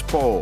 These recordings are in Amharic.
spor.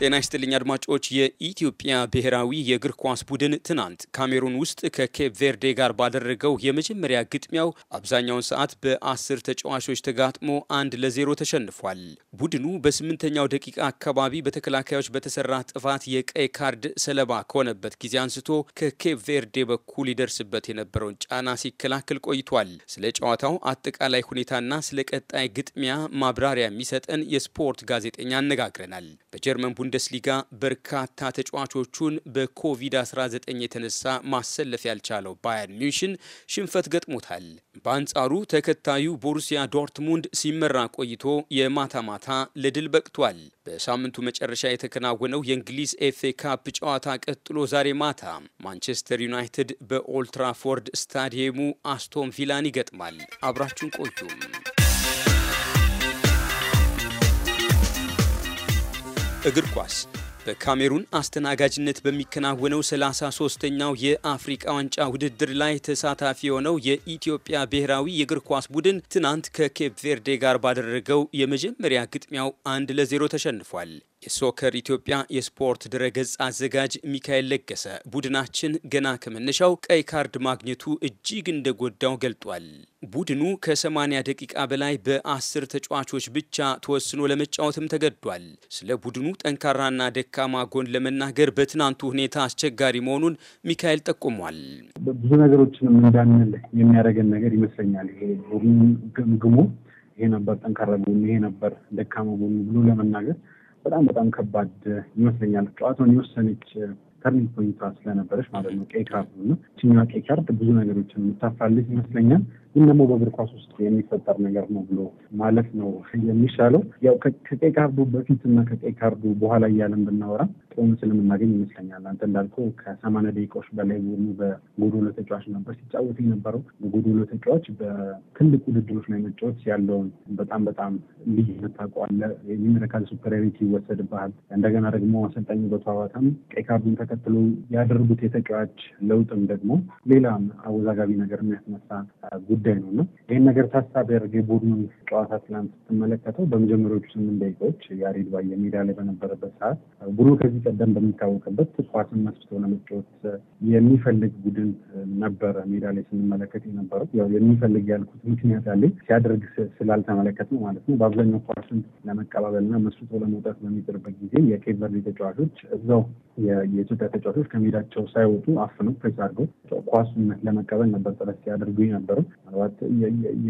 ጤና ይስጥልኝ አድማጮች። የኢትዮጵያ ብሔራዊ የእግር ኳስ ቡድን ትናንት ካሜሩን ውስጥ ከኬፕ ቬርዴ ጋር ባደረገው የመጀመሪያ ግጥሚያው አብዛኛውን ሰዓት በአስር ተጫዋቾች ተጋጥሞ አንድ ለዜሮ ተሸንፏል። ቡድኑ በስምንተኛው ደቂቃ አካባቢ በተከላካዮች በተሰራ ጥፋት የቀይ ካርድ ሰለባ ከሆነበት ጊዜ አንስቶ ከኬፕ ቬርዴ በኩል ይደርስበት የነበረውን ጫና ሲከላከል ቆይቷል። ስለ ጨዋታው አጠቃላይ ሁኔታና ስለ ቀጣይ ግጥሚያ ማብራሪያ የሚሰጠን የስፖርት ጋዜጠኛ አነጋግረናል። በጀርመን ቡንደስሊጋ በርካታ ተጫዋቾቹን በኮቪድ-19 የተነሳ ማሰለፍ ያልቻለው ባየር ሚንሽን ሽንፈት ገጥሞታል። በአንጻሩ ተከታዩ ቦሩሲያ ዶርትሙንድ ሲመራ ቆይቶ የማታ ማታ ለድል በቅቷል። በሳምንቱ መጨረሻ የተከናወነው የእንግሊዝ ኤፍኤ ካፕ ጨዋታ ቀጥሎ ዛሬ ማታ ማንቸስተር ዩናይትድ በኦልትራፎርድ ስታዲየሙ አስቶን ቪላን ይገጥማል። አብራችሁን ቆዩም። እግር ኳስ በካሜሩን አስተናጋጅነት በሚከናወነው 33ኛው የአፍሪቃ ዋንጫ ውድድር ላይ ተሳታፊ የሆነው የኢትዮጵያ ብሔራዊ የእግር ኳስ ቡድን ትናንት ከኬፕ ቬርዴ ጋር ባደረገው የመጀመሪያ ግጥሚያው አንድ ለዜሮ ተሸንፏል። የሶከር ኢትዮጵያ የስፖርት ድረገጽ አዘጋጅ ሚካኤል ለገሰ ቡድናችን ገና ከመነሻው ቀይ ካርድ ማግኘቱ እጅግ እንደጎዳው ገልጧል። ቡድኑ ከ80 ደቂቃ በላይ በአስር ተጫዋቾች ብቻ ተወስኖ ለመጫወትም ተገዷል። ስለ ቡድኑ ጠንካራና ደካማ ጎን ለመናገር በትናንቱ ሁኔታ አስቸጋሪ መሆኑን ሚካኤል ጠቁሟል። ብዙ ነገሮችንም እንዳንል የሚያደርገን ነገር ይመስለኛል። ይሄ ቡድኑ ይሄ ነበር ጠንካራ ጎኑ፣ ይሄ ነበር ደካማ ጎኑ ብሎ ለመናገር በጣም በጣም ከባድ ይመስለኛል። ጨዋታውን የወሰነች ተርኒንግ ፖይንቷ ስለነበረች ማለት ነው። ቀይ ካርድ ነው። ቀይ ካርድ ብዙ ነገሮችን የምታፋልግ ይመስለኛል። ግን ደግሞ በእግር ኳስ ውስጥ የሚፈጠር ነገር ነው ብሎ ማለት ነው የሚሻለው። ያው ከቀይ ካርዱ በፊት እና ከቀይ ካርዱ በኋላ እያለን ብናወራ ጥሩ ምስል የምናገኝ ይመስለኛል። አንተ እንዳልከው ከሰማንያ ደቂቃዎች በላይ ሆኑ በጎዶሎ ተጫዋች ነበር ሲጫወት የነበረው። በጎዶሎ ተጫዋች በትልቅ ውድድሮች ላይ መጫወት ያለውን በጣም በጣም ልዩነት ታውቀዋለህ። የሚመለካል ሱፐሪዮሪቲ ይወሰድብሃል። እንደገና ደግሞ አሰልጣኝ በተዋዋታም ቀይ ካርዱን ተከትሎ ያደርጉት የተጫዋች ለውጥም ደግሞ ሌላም አወዛጋቢ ነገር የሚያስነሳ ጉዳይ ጉዳይ ነው እና ይህን ነገር ታሳቢ ያደርገ የቡድኑ ጨዋታ ትናንት ስትመለከተው በመጀመሪያዎቹ ስምንት ደቂቃዎች ያሬድ ባየ ሜዳ ላይ በነበረበት ሰዓት ቡድኑ ከዚህ ቀደም በሚታወቅበት ኳስን መስርቶ ለመጫወት የሚፈልግ ቡድን ነበረ። ሜዳ ላይ ስንመለከት የነበረው ያው የሚፈልግ ያልኩት ምክንያት ያለ ሲያደርግ ስላልተመለከት ነው ማለት ነው። በአብዛኛው ኳስን ለመቀባበል እና መስርቶ ለመውጣት በሚጥርበት ጊዜ የኬቨርሊ ተጫዋቾች እዛው የኢትዮጵያ ተጫዋቾች ከሜዳቸው ሳይወጡ አፍነው ፕሬስ አድርገው ኳሱን ለመቀበል ነበር ጥረት ሲያደርጉ ነበሩ። ምናልባት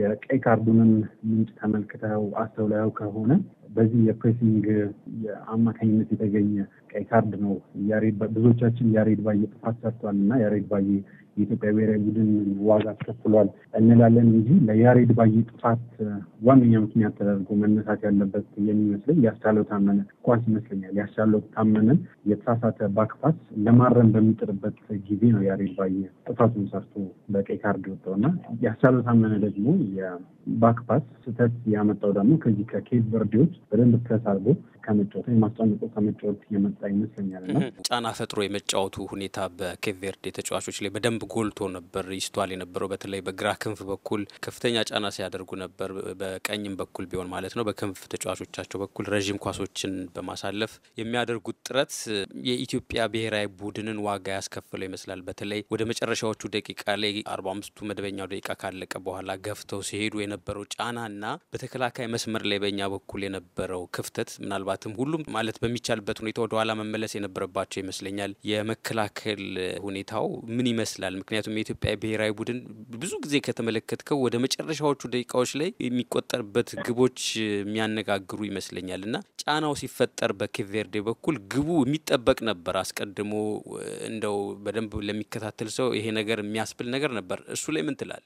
የቀይ ካርዱንም ምንጭ ተመልክተው አስተውላዩ ከሆነ በዚህ የፕሬሲንግ አማካኝነት የተገኘ ቀይ ካርድ ነው። ብዙዎቻችን ያሬድ ባየ ጥፋት ሰርቷል እና ያሬድ ባዬ የኢትዮጵያ ብሔራዊ ቡድን ዋጋ አስከፍሏል እንላለን እንጂ ለያሬድ ባዬ ጥፋት ዋነኛ ምክንያት ተደርጎ መነሳት ያለበት የሚመስለኝ ያስቻለው ታመነ ኳስ ይመስለኛል። ያስቻለው ታመነን የተሳሳተ ባክፓስ ለማረም በሚጥርበት ጊዜ ነው ያሬድ ባዬ ጥፋቱን ሰርቶ በቀይ ካርድ ወጣው እና ያስቻለው ታመነ ደግሞ የባክፓስ ስህተት ያመጣው ደግሞ ከዚህ ከኬት በርዴዎች በደንብ ፕረስ አድርጎ ከመጫወት ወይም አስጨንቆ ከመጫወት የመጣ ይመስለኛል እና ጫና ፈጥሮ የመጫወቱ ሁኔታ በኬቨርዴ ተጫዋቾች ላይ በደንብ ጎልቶ ነበር ይስተዋል የነበረው። በተለይ በግራ ክንፍ በኩል ከፍተኛ ጫና ሲያደርጉ ነበር። በቀኝም በኩል ቢሆን ማለት ነው። በክንፍ ተጫዋቾቻቸው በኩል ረዥም ኳሶችን በማሳለፍ የሚያደርጉት ጥረት የኢትዮጵያ ብሔራዊ ቡድንን ዋጋ ያስከፍለው ይመስላል። በተለይ ወደ መጨረሻዎቹ ደቂቃ ላይ አርባ አምስቱ መደበኛው ደቂቃ ካለቀ በኋላ ገፍተው ሲሄዱ የነበረው ጫናና በተከላካይ መስመር ላይ በኛ በኩል የነበረው ክፍተት ምናልባት ምናልባትም ሁሉም ማለት በሚቻልበት ሁኔታ ወደኋላ መመለስ የነበረባቸው ይመስለኛል። የመከላከል ሁኔታው ምን ይመስላል? ምክንያቱም የኢትዮጵያ ብሔራዊ ቡድን ብዙ ጊዜ ከተመለከትከው ወደ መጨረሻዎቹ ደቂቃዎች ላይ የሚቆጠርበት ግቦች የሚያነጋግሩ ይመስለኛል እና ጫናው ሲፈጠር በኬቬርዴ በኩል ግቡ የሚጠበቅ ነበር። አስቀድሞ እንደው በደንብ ለሚከታተል ሰው ይሄ ነገር የሚያስብል ነገር ነበር። እሱ ላይ ምን ትላል?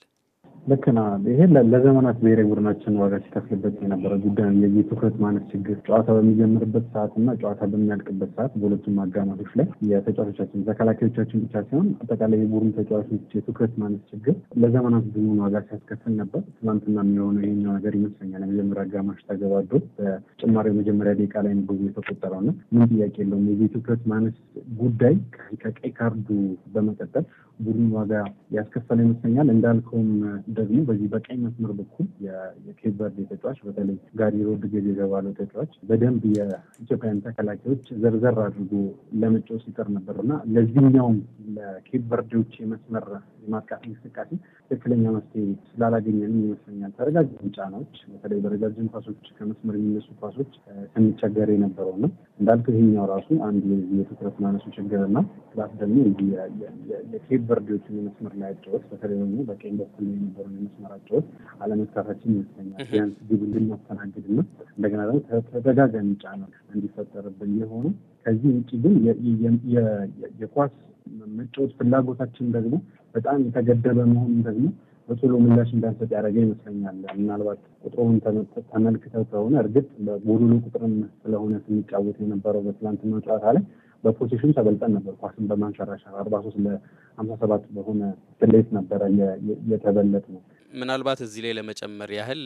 ልክ ነህ። ይሄ ለዘመናት ብሔራዊ ቡድናችን ዋጋ ሲከፍልበት የነበረ ጉዳይ ነው። ትኩረት ማነስ ችግር ጨዋታ በሚጀምርበት ሰዓት እና ጨዋታ በሚያልቅበት ሰዓት በሁለቱም አጋማሾች ላይ የተጫዋቾቻችን ተከላካዮቻችን ብቻ ሲሆን አጠቃላይ የቡድን ተጫዋቾች የትኩረት ማነስ ችግር ለዘመናት ብዙን ዋጋ ሲያስከፍል ነበር። ትናንትና የሚሆነው ይሄኛው ነገር ይመስለኛል። የመጀመሪያ አጋማሽ ተገባዶ በጭማሪ የመጀመሪያ ደቂቃ ላይ ጎል የተቆጠረው ነው። ምን ጥያቄ የለውም የዚህ ትኩረት ማነስ ጉዳይ ከቀይ ካርዱ በመቀጠል ቡድን ዋጋ ያስከፈለ ይመስለኛል። እንዳልከውም ደግሞ በዚህ በቀኝ መስመር በኩል የኬፕ ቨርዴ ተጫዋች በተለይ ጋሪ ሮድሪጌዝ የተባለው ተጫዋች በደንብ የኢትዮጵያን ተከላካዮች ዘርዘር አድርጎ ለመጫወት ሲጠር ነበር እና ለዚህኛውም ለኬፕ ቨርዴዎች የመስመር የማጥቃት እንቅስቃሴ ትክክለኛ መፍትሄ ስላላገኘን ይመስለኛል። ተረጋጋሚ ጫናዎች፣ በተለይ በረጃጅም ኳሶች ከመስመር የሚነሱ ኳሶች ስንቸገር የነበረው ነው። እንዳልከው ይሄኛው ራሱ አንድ የትኩረት ማነሱ ችግር ችግርና ፕላስ ደግሞ የኬፕ ቨርዴዎችን የመስመር ላይ አጨዋወት በተለይ ደግሞ በቀኝ በኩል የነበሩ የመስመር አጨዋወት አለመካታችን ይመስለኛል። ቢያንስ ግብ እንድናስተናግድና እንደገና ደግሞ ተደጋጋሚ ጫና እንዲፈጠርብን የሆኑ ከዚህ ውጭ ግን የኳስ መጫወት ፍላጎታችን ደግሞ በጣም የተገደበ መሆኑን ደግሞ በቶሎ ምላሽ እንዳንሰጥ ያደረገ ይመስለኛል። ምናልባት ቁጥሩን ተመልክተው ከሆነ እርግጥ በጎዶሎ ቁጥርም ስለሆነ ስንጫወት የነበረው በትላንትና ጨዋታ ላይ በፖሴሽን ተበልጠን ነበር። ኳስን በማንሸራሸር አርባ ሶስት ለሀምሳ ሰባት በሆነ ስሌት ነበረ የተበለጥ ነው። ምናልባት እዚህ ላይ ለመጨመር ያህል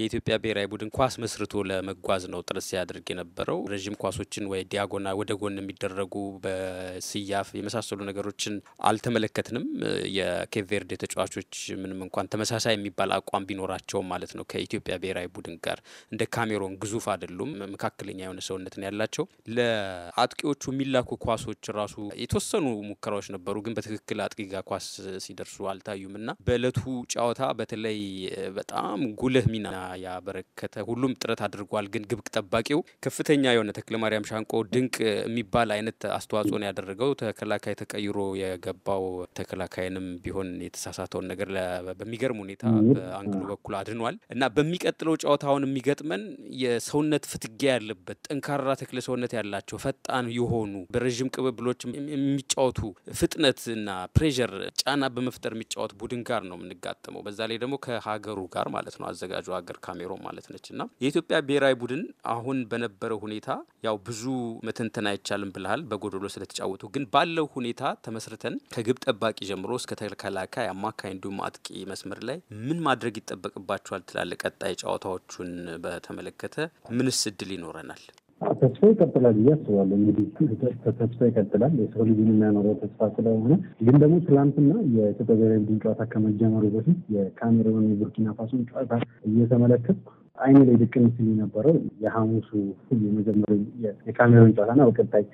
የኢትዮጵያ ብሔራዊ ቡድን ኳስ መስርቶ ለመጓዝ ነው ጥረት ሲያደርግ የነበረው። ረዥም ኳሶችን ወይ ዲያጎና ወደ ጎን የሚደረጉ በስያፍ የመሳሰሉ ነገሮችን አልተመለከትንም። የኬቬርዴ ተጫዋቾች ምንም እንኳን ተመሳሳይ የሚባል አቋም ቢኖራቸውም ማለት ነው ከኢትዮጵያ ብሔራዊ ቡድን ጋር እንደ ካሜሮን ግዙፍ አይደሉም። መካከለኛ የሆነ ሰውነትን ያላቸው ለአጥቂዎቹ የሚላኩ ኳሶች ራሱ የተወሰኑ ሙከራዎች ነበሩ፣ ግን በትክክል አጥቂ ጋር ኳስ ሲደርሱ አልታዩም እና በእለቱ ጫዋ ጨዋታ በተለይ በጣም ጉልህ ሚና ያበረከተ ሁሉም ጥረት አድርጓል። ግን ግብ ጠባቂው ከፍተኛ የሆነ ተክለ ማርያም ሻንቆ ድንቅ የሚባል አይነት አስተዋጽኦ ነው ያደረገው። ተከላካይ ተቀይሮ የገባው ተከላካይንም ቢሆን የተሳሳተውን ነገር በሚገርም ሁኔታ በአንግሉ በኩል አድኗል እና በሚቀጥለው ጨዋታውን የሚገጥመን የሰውነት ፍትጌ ያለበት ጠንካራ ተክለ ሰውነት ያላቸው ፈጣን የሆኑ በረዥም ቅብብሎች የሚጫወቱ ፍጥነት እና ፕሬር ጫና በመፍጠር የሚጫወት ቡድን ጋር ነው የምንጋጠመው። በዛ ላይ ደግሞ ከሀገሩ ጋር ማለት ነው አዘጋጁ ሀገር ካሜሮን ማለት ነች። እና የኢትዮጵያ ብሔራዊ ቡድን አሁን በነበረው ሁኔታ ያው ብዙ መተንተን አይቻልም ብልሃል በጎደሎ ስለተጫወቱ፣ ግን ባለው ሁኔታ ተመስርተን ከግብ ጠባቂ ጀምሮ እስከ ተከላካይ፣ አማካይ እንዲሁም አጥቂ መስመር ላይ ምን ማድረግ ይጠበቅባቸዋል ትላለ? ቀጣይ ጨዋታዎቹን በተመለከተ ምንስ እድል ይኖረናል? ተስፋ ይቀጥላል ብዬ አስባለሁ። እንግዲህ ተስፋ ይቀጥላል የሰው ልጅን የሚያኖረው ተስፋ ስለሆነ ግን ደግሞ ትላንትና የኢትዮጵያ ብሔራዊ ቡድን ጨዋታ ከመጀመሩ በፊት የካሜሮን የቡርኪና ፋሶን ጨዋታ እየተመለከትኩ አይኔ ላይ ድቅን ስል የነበረው የሐሙሱ የመጀመሪያው የካሜሮን ጨዋታና በቀጣይ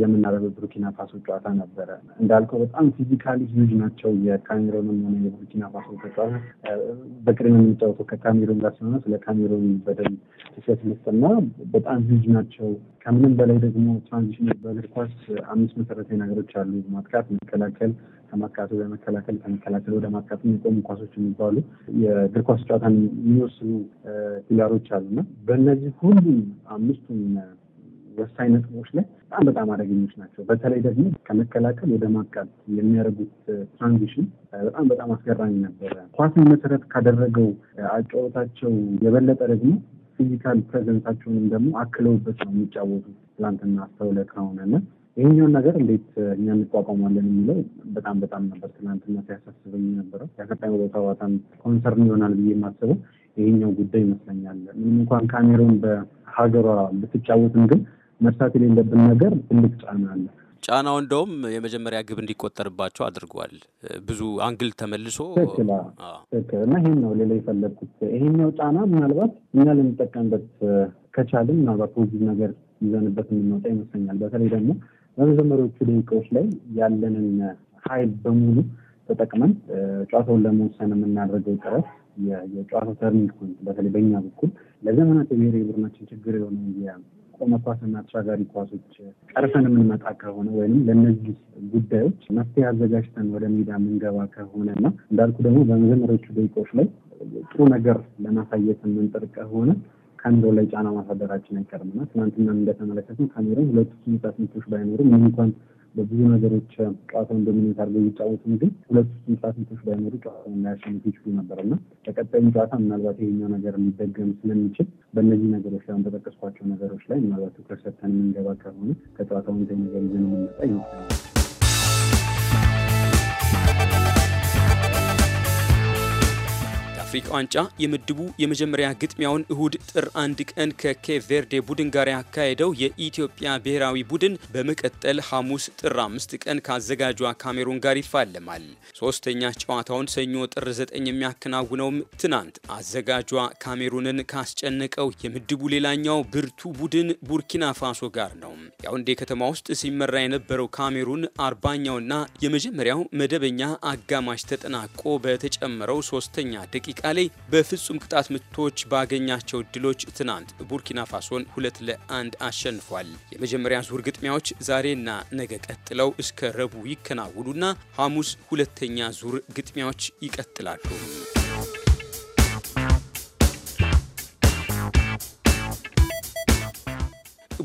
የምናደርገው ቡርኪና ፋሶ ጨዋታ ነበረ። እንዳልከው በጣም ፊዚካሊ ሂዩጅ ናቸው። የካሜሮንም ሆነ የቡርኪና ፋሶ ተጫዋች በቅድም የምንጫወተው ከካሜሮን ጋር ስለሆነ ስለ ካሜሮን በደንብ ትኩረት መስጠና በጣም ሂዩጅ ናቸው። ከምንም በላይ ደግሞ ትራንዚሽን በእግር ኳስ አምስት መሰረታዊ ነገሮች አሉ፤ ማጥቃት፣ መከላከል ከማካቱ በመከላከል ከመከላከል ወደ ማካቱ የሚቆሙ ኳሶች የሚባሉ የእግር ኳስ ጨዋታን የሚወስኑ ፒላሮች አሉና በእነዚህ ሁሉም አምስቱም ወሳኝ ነጥቦች ላይ በጣም በጣም አደገኞች ናቸው። በተለይ ደግሞ ከመከላከል ወደ ማጥቃት የሚያደርጉት ትራንዚሽን በጣም በጣም አስገራሚ ነበረ። ኳስን መሰረት ካደረገው አጫወታቸው የበለጠ ደግሞ ፊዚካል ፕሬዘንሳቸውንም ደግሞ አክለውበት ነው የሚጫወቱ ትላንትና አስተውለት ከሆነ ይህኛውን ነገር እንዴት እኛ እንቋቋማለን የሚለው በጣም በጣም ነበር ትናንትና ሲያሳስበኝ ነበረው። ቦታ ቦታዋታም ኮንሰርን ይሆናል ብዬ የማስበው ይህኛው ጉዳይ ይመስለኛል። ምንም እንኳን ካሜሮን በሀገሯ ብትጫወትም ግን መርሳት የሌለብን ነገር ትልቅ ጫና አለ። ጫናው እንደውም የመጀመሪያ ግብ እንዲቆጠርባቸው አድርጓል። ብዙ አንግል ተመልሶ ትክክል እና ይህን ነው ሌላ የፈለግኩት። ይሄኛው ጫና ምናልባት እኛ ልንጠቀምበት ከቻልን ምናልባት ፖዚቲቭ ነገር ይዘንበት የምንወጣ ይመስለኛል። በተለይ ደግሞ በመጀመሪያዎቹ ደቂቃዎች ላይ ያለንን ኃይል በሙሉ ተጠቅመን ጨዋታውን ለመወሰን የምናደርገው ጥረት የጨዋታው ተርኒንግ ፖይንት በተለይ በእኛ በኩል ለዘመናት የብሔራዊ ቡድናችን ችግር የሆነ የቆመ ኳስና ተሻጋሪ ኳሶች ቀርፈን የምንመጣ ከሆነ ወይም ለእነዚህ ጉዳዮች መፍትሄ አዘጋጅተን ወደ ሜዳ የምንገባ ከሆነ እና እንዳልኩ ደግሞ በመጀመሪያዎቹ ደቂቃዎች ላይ ጥሩ ነገር ለማሳየት የምንጥር ከሆነ ካሜራው ላይ ጫና ማሳደራችን አይቀርም እና ትናንትና እንደተመለከትም ካሜራው ሁለቱ ስንጣት ምቶች ባይኖሩም ምን እንኳን በብዙ ነገሮች ጨዋታውን ዶሚኔት አድርገው ይጫወቱም ግን ሁለቱ ስንጣት ምቶች ባይኖሩ ጨዋታውን ሊያሸንፉ ይችሉ ነበር እና በቀጣዩ ጨዋታ ምናልባት ይሄኛው ነገር ሊደገም ስለሚችል በእነዚህ ነገሮች ላይ በጠቀስኳቸው ነገሮች ላይ ምናልባት ትኩረት ሰጥተን የምንገባ ከሆነ ከጨዋታውን ተይዘን ይዘን የምንመጣ ይመስለኛል። የአፍሪካ ዋንጫ የምድቡ የመጀመሪያ ግጥሚያውን እሁድ ጥር አንድ ቀን ከኬፕ ቬርዴ ቡድን ጋር ያካሄደው የኢትዮጵያ ብሔራዊ ቡድን በመቀጠል ሐሙስ ጥር አምስት ቀን ካዘጋጇ ካሜሩን ጋር ይፋለማል። ሶስተኛ ጨዋታውን ሰኞ ጥር ዘጠኝ የሚያከናውነውም ትናንት አዘጋጇ ካሜሩንን ካስጨነቀው የምድቡ ሌላኛው ብርቱ ቡድን ቡርኪና ፋሶ ጋር ነው። ያውንዴ ከተማ ውስጥ ሲመራ የነበረው ካሜሩን አርባኛውና የመጀመሪያው መደበኛ አጋማሽ ተጠናቆ በተጨመረው ሶስተኛ ደቂቃ አጠቃላይ በፍጹም ቅጣት ምቶች ባገኛቸው ድሎች ትናንት ቡርኪና ፋሶን ሁለት ለአንድ አሸንፏል። የመጀመሪያ ዙር ግጥሚያዎች ዛሬና ነገ ቀጥለው እስከ ረቡዕ ይከናውኑና ሐሙስ ሁለተኛ ዙር ግጥሚያዎች ይቀጥላሉ።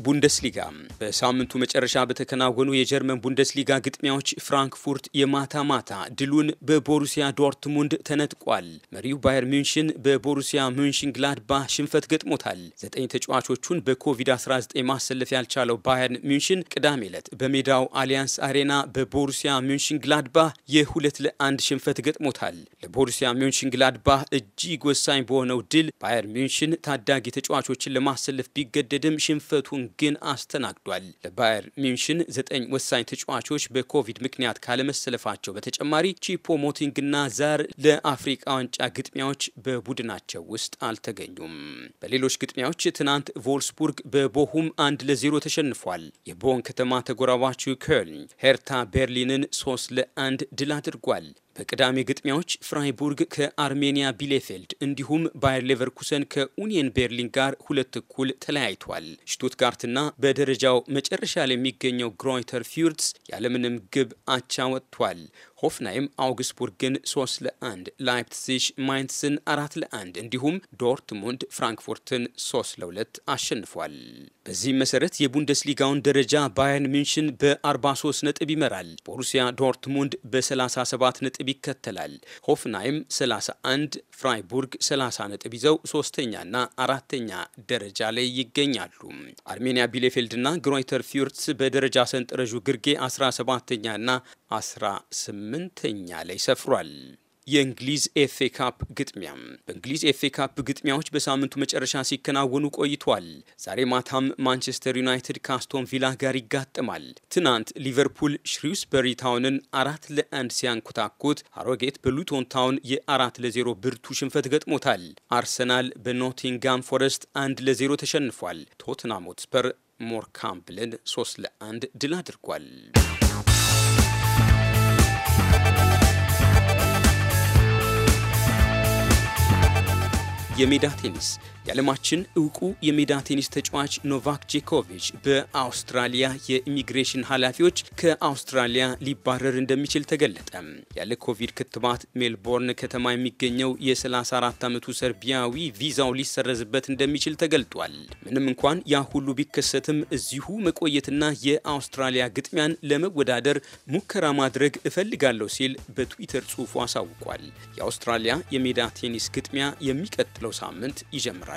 ቡንደስሊጋ በሳምንቱ መጨረሻ በተከናወኑ የጀርመን ቡንደስሊጋ ግጥሚያዎች ፍራንክፉርት የማታ ማታ ድሉን በቦሩሲያ ዶርትሙንድ ተነጥቋል። መሪው ባየር ሚንሽን በቦሩሲያ ሚንሽን ግላድባህ ሽንፈት ገጥሞታል። ዘጠኝ ተጫዋቾቹን በኮቪድ-19 ማሰለፍ ያልቻለው ባየር ሚንሽን ቅዳሜ ዕለት በሜዳው አሊያንስ አሬና በቦሩሲያ ሚንሽን ግላድባህ የሁለት ለአንድ ሽንፈት ገጥሞታል። ለቦሩሲያ ሚንሽን ግላድባ እጅግ ወሳኝ በሆነው ድል ባየር ሚንሽን ታዳጊ ተጫዋቾችን ለማሰለፍ ቢገደድም ሽንፈቱን ግን አስተናግዷል። ለባየር ሚንሽን ዘጠኝ ወሳኝ ተጫዋቾች በኮቪድ ምክንያት ካለመሰለፋቸው በተጨማሪ ቺፖ ሞቲንግና ዛር ለአፍሪቃ ዋንጫ ግጥሚያዎች በቡድናቸው ውስጥ አልተገኙም። በሌሎች ግጥሚያዎች ትናንት ቮልስቡርግ በቦሁም አንድ ለዜሮ ተሸንፏል። የቦን ከተማ ተጎራባቹ ኮልኝ ሄርታ ቤርሊንን ሶስት ለአንድ ድል አድርጓል። በቅዳሜ ግጥሚያዎች ፍራይቡርግ ከአርሜኒያ ቢሌፌልድ እንዲሁም ባየር ሌቨርኩሰን ከኡኒየን ቤርሊን ጋር ሁለት እኩል ተለያይቷል። ሽቱትጋርትና በደረጃው መጨረሻ ላይ የሚገኘው ግሮይተር ፊውርትስ ያለምንም ግብ አቻ ወጥቷል። ሆፍናይም አውግስቡርግን 3 ለአንድ፣ ላይፕሲሽ ማይንስን 4 ለአንድ እንዲሁም ዶርትሙንድ ፍራንክፉርትን 3 ለ2 አሸንፏል። በዚህ መሰረት የቡንደስሊጋውን ደረጃ ባየርን ሚንሽን በ43 ነጥብ ይመራል። ቦሩሲያ ዶርትሙንድ በ37 ነጥብ ይከተላል። ሆፍናይም 31፣ ፍራይቡርግ 30 ነጥብ ይዘው ሶስተኛና አራተኛ ደረጃ ላይ ይገኛሉ። አርሜኒያ ቢሌፌልድና ግሮይተር ፊርትስ በደረጃ ሰንጠረዡ ግርጌ 17ኛና 18ኛ ላይ ሰፍሯል። የእንግሊዝ ኤፍኤ ካፕ ግጥሚያ በእንግሊዝ ኤፍኤ ካፕ ግጥሚያዎች በሳምንቱ መጨረሻ ሲከናወኑ ቆይቷል። ዛሬ ማታም ማንቸስተር ዩናይትድ ከአስቶን ቪላ ጋር ይጋጥማል። ትናንት ሊቨርፑል ሽሪውስበሪ ታውንን አራት ለአንድ ሲያንኩታኩት፣ አሮጌት በሉቶን ታውን የአራት ለዜሮ ብርቱ ሽንፈት ገጥሞታል። አርሰናል በኖቲንጋም ፎረስት አንድ ለዜሮ ተሸንፏል። ቶትናም ሆትስፐር ሞርካምብልን ሶስት ለአንድ ድል አድርጓል። የሜዳ ቴኒስ የዓለማችን እውቁ የሜዳ ቴኒስ ተጫዋች ኖቫክ ጄኮቪች በአውስትራሊያ የኢሚግሬሽን ኃላፊዎች ከአውስትራሊያ ሊባረር እንደሚችል ተገለጠ። ያለ ኮቪድ ክትባት ሜልቦርን ከተማ የሚገኘው የ34 ዓመቱ ሰርቢያዊ ቪዛው ሊሰረዝበት እንደሚችል ተገልጧል። ምንም እንኳን ያ ሁሉ ቢከሰትም እዚሁ መቆየትና የአውስትራሊያ ግጥሚያን ለመወዳደር ሙከራ ማድረግ እፈልጋለሁ ሲል በትዊተር ጽሑፉ አሳውቋል። የአውስትራሊያ የሜዳ ቴኒስ ግጥሚያ የሚቀጥለው ሳምንት ይጀምራል።